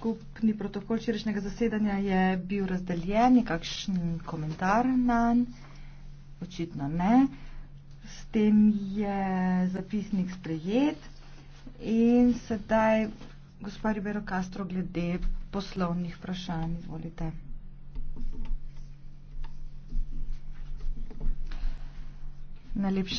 skupni protokol včerajšnjega zasedanja je bil razdeljen, je kakšen komentar na nj? Očitno ne. S tem je zapisnik sprejet in sedaj gospa Ribero Castro glede poslovnih vprašanj. Izvolite. Najlepša.